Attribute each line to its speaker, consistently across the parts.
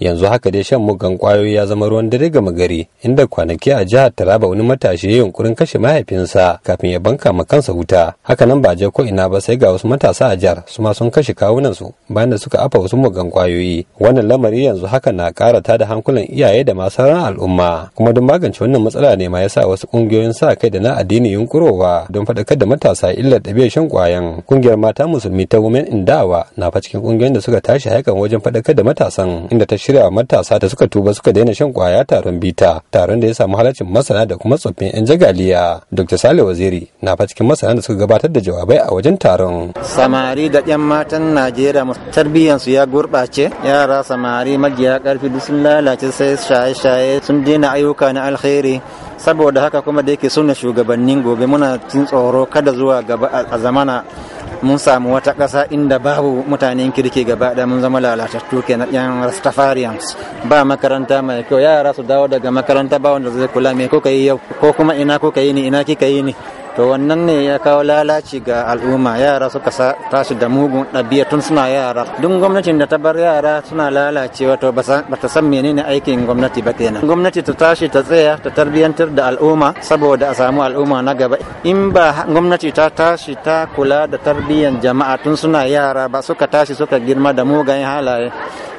Speaker 1: yanzu haka dai shan mugan kwayoyi ya zama ruwan dare gama gari inda kwanaki a jihar taraba wani matashi ya yunkurin kashe mahaifinsa kafin ya banka ma kansa wuta haka nan ba je ko ina ba sai ga wasu matasa a jihar su ma sun kashe kawunansu bayan da suka afa wasu mugan kwayoyi wannan lamari yanzu haka na ƙara da hankulan iyaye da masu sauran al'umma kuma don magance wannan matsala ne ma sa wasu ƙungiyoyin sa kai da na addini yunkurowa don faɗakar da matasa illar ɗabi'ar shan kwayan ƙungiyar mata musulmi ta women in dawa na fa cikin kungiyoyin da suka tashi haikan wajen faɗakar da matasan inda ta shirya matasa da suka tuba suka daina shan kwaya taron bita taron da ya samu halarcin masana da kuma tsoffin yan jagaliya dr sale waziri na fa cikin masana da suka gabatar da jawabai a wajen taron
Speaker 2: samari da yan matan najeriya tarbiyyansu ya gurɓace yara samari magiya karfi duk sun lalace sai shaye-shaye sun daina ayyuka na alkhairi saboda haka kuma da yake suna shugabannin gobe muna cin tsoro kada zuwa gaba a zamana mun samu wata ƙasa inda babu mutanen kirki gaba ɗaya mun zama lalatattu na yan rastafarians ba makaranta mai kyau yara su dawo daga makaranta ba wanda zai kula mai kuka yi yau ko kuma ina ko yi ni ina kika yi ni to wannan ne ya kawo lalaci ga al'umma yara suka tashi da mugun ɗabi'a tun suna yara duk gwamnatin da ta bar yara suna lalacewa to ba ta san menene aikin gwamnati ba kenan gwamnati ta tashi ta tsaya ta tarbiyantar da al'umma saboda a samu al'umma na gaba in ba gwamnati ta tashi ta kula da tarbiyyar jama'a tun suna yara ba suka tashi suka girma da mugayen halaye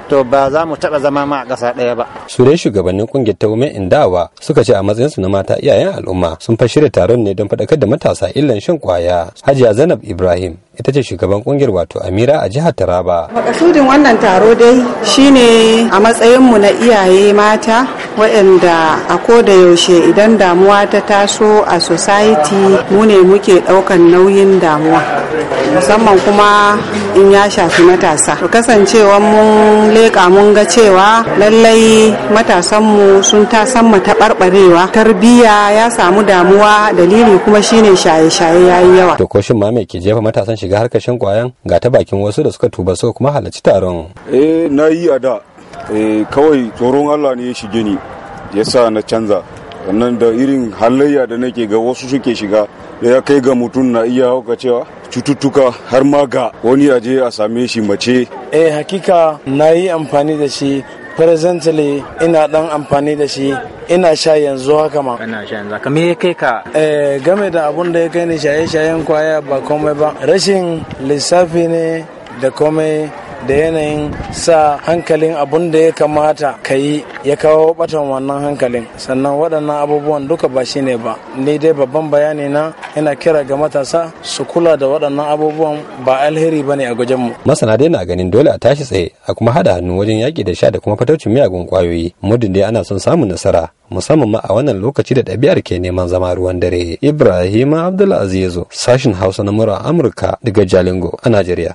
Speaker 2: to ba za mu taɓa zama ma a ƙasa ɗaya ba.
Speaker 1: su dai shugabannin ƙungiyar ta women in dawa suka ce a matsayinsu na mata iyayen al'umma sun fa shirya taron ne don faɗakar da matasa illan shan kwaya hajiya zainab ibrahim ita ce shugaban ƙungiyar wato amira a jihar taraba
Speaker 3: makasudin wannan taro dai shine a matsayinmu na iyaye mata waɗanda a ko da yaushe idan damuwa ta taso a society mu ne muke ɗaukan nauyin damuwa musamman kuma in ya shafi matasa kasancewa mun leƙa mun ga cewa lallai matasanmu sun ta tasan taɓarɓarewa tarbiyya ya samu damuwa dalili kuma shine shaye-shaye ya yi
Speaker 1: yawa to ko shin ma ke jefa matasan shiga harkashin kwayan ga ta bakin wasu da suka tuba suka kuma halarci taron
Speaker 3: eh na yi a da Eh,
Speaker 4: kawai tsoron allah ne ya shige ni ya sa na canza nan da irin halayya da nake ga wasu suke shiga da ya kai ga mutum na iya hauka cewa cututtuka har ma ga wani aje a same shi mace eh hakika na yi amfani da shi presently ina dan amfani da shi ina sha yanzu haka ma ina sha yanzu haka ya kai ka eh game da abun da ya kai ni shaye shayen kwaya ba komai ba rashin lissafi ne da komai da yanayin sa hankalin abun da ya kamata ka yi ya kawo batan wannan hankalin sannan waɗannan abubuwan duka ba shi ne ba ni dai babban bayani na yana kira ga matasa su kula da waɗannan abubuwan ba alheri ba ne a mu.
Speaker 1: masana dai na ganin dole a tashi tsaye a kuma haɗa hannu wajen yaƙi da sha da kuma fataucin miyagun ƙwayoyi muddin dai ana son samun nasara musamman ma a wannan lokaci da ɗabi'ar ke neman zama ruwan dare ibrahim abdulaziz sashin hausa na mura amurka daga jalingo a najeriya